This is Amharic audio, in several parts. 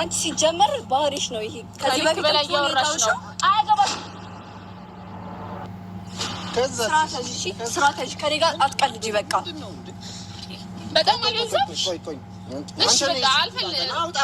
አንቺ ሲጀመር ባህሪሽ ነው ይሄ። ከዚህ በፊት በላይ ያወራሽ ነው። አያገባሽ። ከዛ ስራ ተሽ ከኔ ጋር አትቀልጂ። በቃ በጣም አልበዛሽ። እሺ በቃ አልፈልግም። አውጣ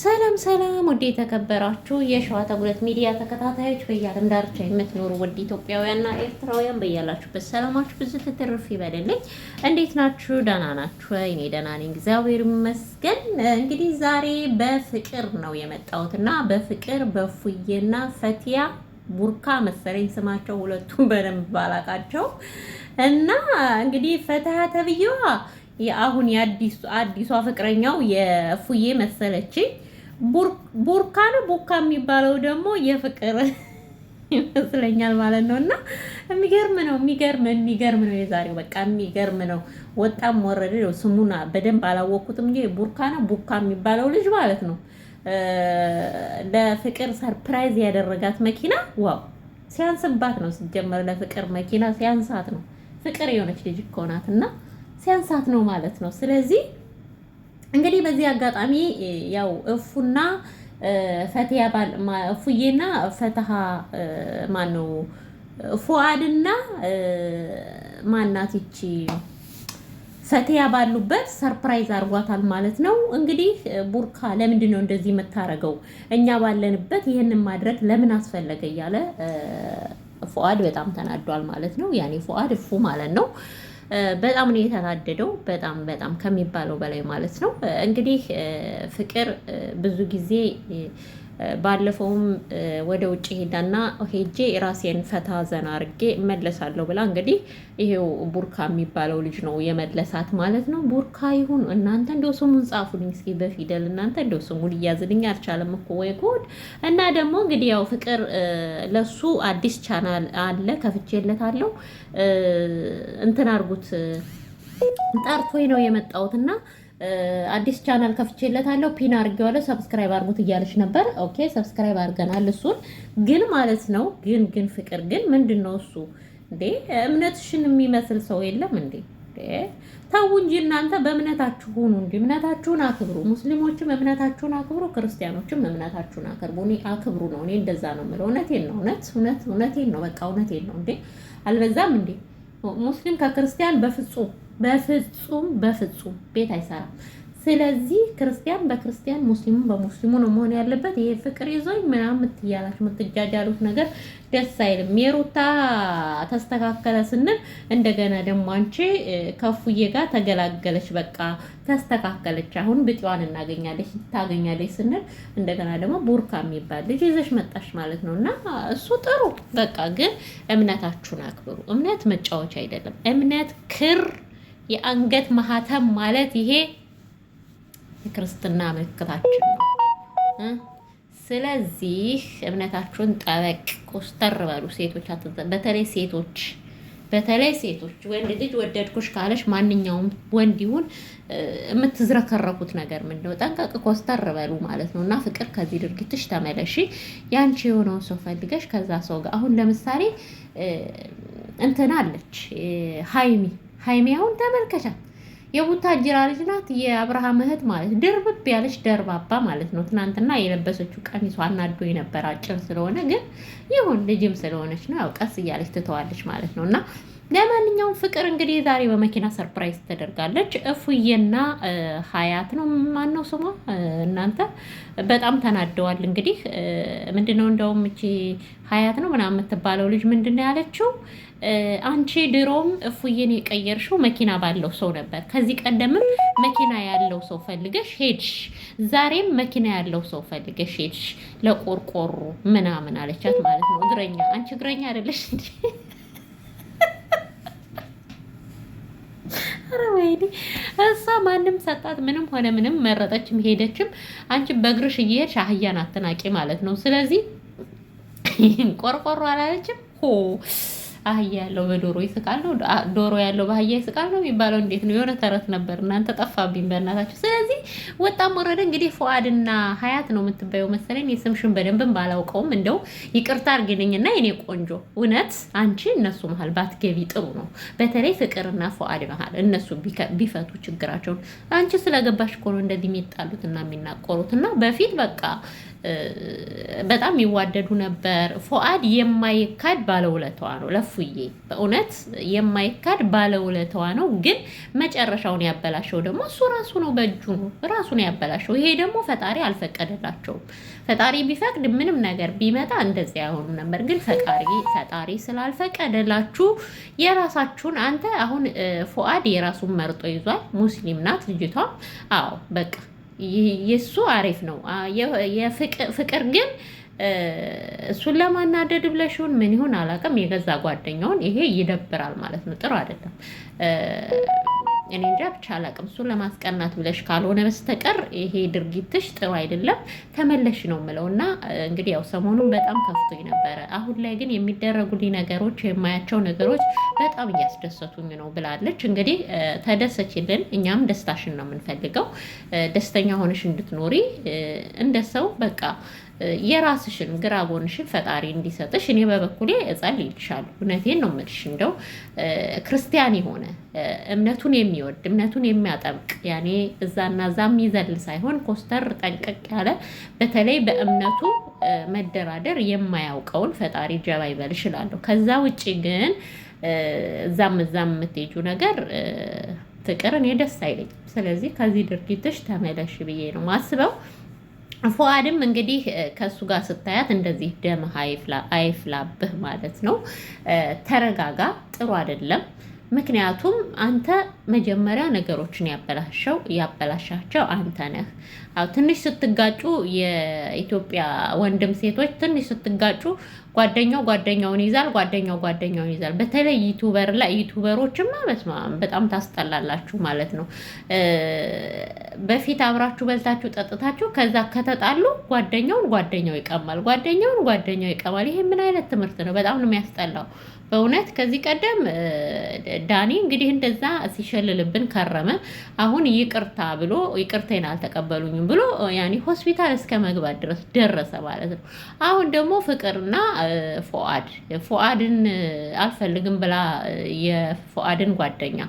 ሰላም ሰላም ውድ የተከበራችሁ የሸዋ ተጉለት ሚዲያ ተከታታዮች በየዓለም ዳርቻ የምትኖሩ ውድ ኢትዮጵያውያንና ኤርትራውያን በያላችሁበት ሰላማችሁ ብዙ ትትርፍ ይበልልኝ። እንዴት ናችሁ? ደህና ናችሁ? እኔ ደህና ነኝ፣ እግዚአብሔር ይመስገን። እንግዲህ ዛሬ በፍቅር ነው የመጣሁት እና በፍቅር በፉዬና ፈቲያ ቡርካ መሰለኝ ስማቸው ሁለቱም በደንብ ባላቃቸው እና እንግዲህ ፈትሀ ተብዬዋ የአሁን የአዲሷ ፍቅረኛው የፉዬ መሰለችኝ ቡርካ ነው። ቡካ የሚባለው ደግሞ የፍቅር ይመስለኛል ማለት ነው። እና የሚገርም ነው፣ የሚገርም የሚገርም ነው። የዛሬው በቃ የሚገርም ነው። ወጣም ወረደ ነው። ስሙን በደንብ አላወቅኩትም እ ቡርካ ነው። ቡካ የሚባለው ልጅ ማለት ነው። ለፍቅር ሰርፕራይዝ ያደረጋት መኪና ዋው! ሲያንስባት ነው ሲጀመር፣ ለፍቅር መኪና ሲያንሳት ነው። ፍቅር የሆነች ልጅ እኮ ናት እና ሲያንሳት ነው ማለት ነው። ስለዚህ እንግዲህ በዚህ አጋጣሚ ያው እፉና ፈትያ እፉዬና ፈትሃ ማን ነው ፉአድና ማናት ይቺ ፈትያ ባሉበት ሰርፕራይዝ አድርጓታል ማለት ነው። እንግዲህ ቡርካ ለምንድን ነው እንደዚህ የምታረገው እኛ ባለንበት ይህንን ማድረግ ለምን አስፈለገ እያለ ፉአድ በጣም ተናዷል ማለት ነው። ያኔ ፉአድ እፉ ማለት ነው በጣም ነው የተናደደው። በጣም በጣም ከሚባለው በላይ ማለት ነው። እንግዲህ ፍቅር ብዙ ጊዜ ባለፈውም ወደ ውጭ ሄዳና ሄጄ ራሴን ፈታ ዘና አርጌ መለሳለሁ ብላ እንግዲህ ይሄው ቡርካ የሚባለው ልጅ ነው የመለሳት ማለት ነው። ቡርካ ይሁን እናንተ እንደው ስሙን ጻፉልኝ እስኪ በፊደል እናንተ እንደው ስሙን እያዝልኝ አልቻለም እኮ ወይ ጉድ። እና ደግሞ እንግዲህ ያው ፍቅር ለሱ አዲስ ቻናል አለ ከፍቼለታለሁ እንትን አርጉት ጠርቶኝ ነው የመጣሁት እና አዲስ ቻናል ከፍቼለታለሁ፣ ፒን አድርጌዋለሁ፣ ሰብስክራይብ አድርጉት እያለች ነበር። ኦኬ ሰብስክራይብ አድርገናል። እሱን ግን ማለት ነው ግን ግን ፍቅር ግን ምንድን ነው እሱ እንዴ እምነትሽን የሚመስል ሰው የለም እንዴ? ተው እንጂ እናንተ በእምነታችሁ ሁኑ እንጂ እምነታችሁን አክብሩ። ሙስሊሞችም እምነታችሁን አክብሩ፣ ክርስቲያኖችም እምነታችሁን አክብሩ አክብሩ ነው። እኔ እንደዛ ነው የምለው። እውነቴን ነው። እውነት እውነት እውነቴን ነው። በቃ እውነቴን ነው። እንዴ አልበዛም እንዴ ሙስሊም ከክርስቲያን በፍጹም በፍጹም በፍጹም ቤት አይሰራም። ስለዚህ ክርስቲያን በክርስቲያን ሙስሊሙ በሙስሊሙ ነው መሆን ያለበት። ይሄ ፍቅር ይዞኝ ምናምን እያላችሁ የምትጃጃሉት ነገር ደስ አይልም። የሩታ ተስተካከለ ስንል እንደገና ደግሞ አንቺ ከፉዬ ጋር ተገላገለች፣ በቃ ተስተካከለች፣ አሁን ብጤዋን እናገኛለች ታገኛለች ስንል እንደገና ደግሞ ቡርካ የሚባል ልጅ ይዘሽ መጣሽ ማለት ነው። እና እሱ ጥሩ በቃ ግን እምነታችሁን አክብሩ። እምነት መጫወቻ አይደለም። እምነት ክር የአንገት ማህተም ማለት ይሄ የክርስትና ምልክታችን ነው። ስለዚህ እምነታችሁን ጠበቅ፣ ኮስተር በሉ ሴቶች። በተለይ ሴቶች በተለይ ሴቶች ወንድ ልጅ ወደድኩሽ ካለሽ ማንኛውም ወንድ ይሁን የምትዝረከረኩት ነገር ምንድን ነው? ጠንቀቅ ኮስተር በሉ ማለት ነው። እና ፍቅር ከዚህ ድርጊትሽ ተመለሺ። ያንቺ የሆነውን ሰው ፈልገሽ ከዛ ሰው ጋር አሁን ለምሳሌ እንትን አለች ሀይሚ ሀይሜ አሁን ተመልከቻት። ጅራ ልጅ ናት፣ የአብርሃም እህት ማለት ድርብብ ያለች ደርባባ ማለት ነው። ትናንትና የለበሰችው ቀሚሷ አናዶ የነበረ አጭር ስለሆነ ግን ይሁን ልጅም ስለሆነች ነው። ያው ቀስ እያለች ትተዋለች ማለት ነው እና ለማንኛውም ፍቅር እንግዲህ ዛሬ በመኪና ሰርፕራይዝ ተደርጋለች። እፉዬና ሀያት ነው ነው ስሟ? እናንተ በጣም ተናደዋል። እንግዲህ ምንድነው እንደውም እቺ ሀያት ነው ምናምን የምትባለው ልጅ ምንድነው ያለችው? አንቺ ድሮም እፉዬን የቀየርሽው መኪና ባለው ሰው ነበር። ከዚህ ቀደምም መኪና ያለው ሰው ፈልገሽ ሄድሽ፣ ዛሬም መኪና ያለው ሰው ፈልገሽ ሄድሽ ለቆርቆሮ ምናምን አለቻት ማለት ነው። እግረኛ አንቺ እግረኛ አይደለሽ እንዴ? ኧረ ወይኔ እሷ ማንም ሰጣት ምንም ሆነ ምንም መረጠችም ሄደችም፣ አንቺ በእግርሽ እየሄድሽ አህያን አትናቂ ማለት ነው። ስለዚህ ቆርቆሮ አላለችም ሆ አህያ ያለው በዶሮ ይስቃል ነው ዶሮ ያለው በአህያ ይስቃል ነው የሚባለው። እንዴት ነው? የሆነ ተረት ነበር እናንተ ጠፋብኝ በእናታችሁ። ስለዚህ ወጣም ወረደ እንግዲህ ፉአድና ሀያት ነው የምትባየው መሰለኝ። የስምሽን በደንብም ባላውቀውም እንደው ይቅርታ አርግልኝና የኔ ቆንጆ እውነት አንቺ እነሱ መሀል ባትገቢ ጥሩ ነው። በተለይ ፍቅርና ፉአድ መሀል እነሱ ቢፈቱ ችግራቸውን አንቺ ስለገባሽ እኮ ነው እንደዚህ የሚጣሉትና የሚናቆሩት እና በፊት በቃ በጣም ይዋደዱ ነበር። ፎአድ የማይካድ ባለውለታዋ ነው። ለፉዬ በእውነት የማይካድ ባለውለታዋ ነው። ግን መጨረሻውን ያበላሸው ደግሞ እሱ ራሱ ነው፣ በእጁ ነው፣ ራሱ ነው ያበላሸው። ይሄ ደግሞ ፈጣሪ አልፈቀደላቸውም። ፈጣሪ ቢፈቅድ ምንም ነገር ቢመጣ እንደዚ አይሆኑ ነበር። ግን ፈጣሪ ፈጣሪ ስላልፈቀደላችሁ የራሳችሁን አንተ አሁን ፎአድ የራሱን መርጦ ይዟል። ሙስሊም ናት ልጅቷ። አዎ በቃ የእሱ አሪፍ ነው። ፍቅር ግን እሱን ለማናደድ ብለሽውን ምን ይሁን አላውቅም፣ የገዛ ጓደኛውን ይሄ ይደብራል ማለት ነው። ጥሩ አይደለም። እኔ እንጃ ብቻ አላቅም። እሱን ለማስቀናት ብለሽ ካልሆነ በስተቀር ይሄ ድርጊትሽ ጥሩ አይደለም፣ ተመለሽ ነው የምለው። እና እንግዲህ ያው ሰሞኑን በጣም ከፍቶኝ ነበረ። አሁን ላይ ግን የሚደረጉልኝ ነገሮች፣ የማያቸው ነገሮች በጣም እያስደሰቱኝ ነው ብላለች። እንግዲህ ተደሰችልን፣ እኛም ደስታሽን ነው የምንፈልገው። ደስተኛ ሆነሽ እንድትኖሪ እንደ ሰው በቃ የራስሽን ግራ ጎንሽን ፈጣሪ እንዲሰጥሽ እኔ በበኩሌ እጸልይልሻለሁ። እውነቴን ነው የምልሽ። እንደው ክርስቲያን የሆነ እምነቱን የሚወድ እምነቱን የሚያጠብቅ ያኔ እዛና እዛ የሚዘል ሳይሆን ኮስተር ጠንቀቅ ያለ በተለይ በእምነቱ መደራደር የማያውቀውን ፈጣሪ ጀባ ይበል እላለሁ። ከዛ ውጭ ግን እዛም እዛም የምትሄጁ ነገር ፍቅር እኔ ደስ አይለኝም። ስለዚህ ከዚህ ድርጊትሽ ተመለሽ ብዬ ነው ማስበው። ፎአድም እንግዲህ ከእሱ ጋር ስታያት እንደዚህ ደም አይፍላብህ ማለት ነው። ተረጋጋ፣ ጥሩ አይደለም። ምክንያቱም አንተ መጀመሪያ ነገሮችን ያበላሸው ያበላሻቸው አንተ ነህ። አዎ ትንሽ ስትጋጩ የኢትዮጵያ ወንድም ሴቶች ትንሽ ስትጋጩ ጓደኛው ጓደኛውን ይዛል፣ ጓደኛው ጓደኛውን ይዛል። በተለይ ዩቱበር ላይ ዩቱበሮችማ በስመ አብ በጣም ታስጠላላችሁ ማለት ነው። በፊት አብራችሁ በልታችሁ ጠጥታችሁ ከዛ ከተጣሉ ጓደኛውን ጓደኛው ይቀማል፣ ጓደኛውን ጓደኛው ይቀማል። ይሄ ምን አይነት ትምህርት ነው? በጣም ነው የሚያስጠላው በእውነት ከዚህ ቀደም ዳኒ እንግዲህ እንደዛ ሲሸልልብን ከረመ። አሁን ይቅርታ ብሎ ይቅርታዬን አልተቀበሉኝም ብሎ ያኔ ሆስፒታል እስከ መግባት ድረስ ደረሰ ማለት ነው። አሁን ደግሞ ፍቅርና ፎአድ ፎአድን አልፈልግም ብላ የፎአድን ጓደኛ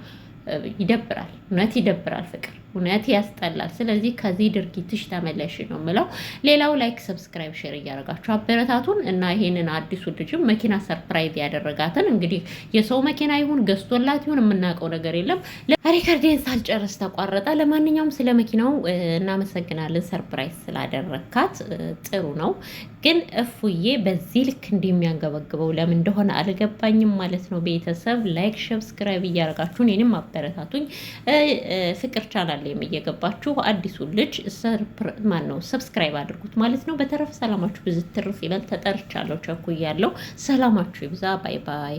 ይደብራል፣ እውነት ይደብራል ፍቅር እውነት ያስጠላል። ስለዚህ ከዚህ ድርጊትሽ ተመለሽ ነው የምለው። ሌላው ላይክ፣ ሰብስክራይብ፣ ሼር እያደረጋችሁ አበረታቱን እና ይሄንን አዲሱ ልጅም መኪና ሰርፕራይዝ ያደረጋትን እንግዲህ የሰው መኪና ይሁን ገዝቶላት ይሁን የምናውቀው ነገር የለም። ሪከርዴን ሳልጨርስ ተቋረጠ። ለማንኛውም ስለ መኪናው እናመሰግናለን፣ ሰርፕራይዝ ስላደረካት ጥሩ ነው። ግን እፉዬ በዚህ ልክ እንደሚያንገበግበው ለምን እንደሆነ አልገባኝም ማለት ነው። ቤተሰብ ላይክ፣ ሰብስክራይብ እያደረጋችሁን ይህንም አበረታቱኝ። ፍቅር ቻናል ቻናሌም እየገባችሁ አዲሱ ልጅ ማን ነው ሰብስክራይብ አድርጉት ማለት ነው። በተረፈ ሰላማችሁ ብዝትርፍ ትርፍ ይበል። ተጠርቻለሁ፣ ቸኩያለሁ። ሰላማችሁ ይብዛ። ባይ ባይ።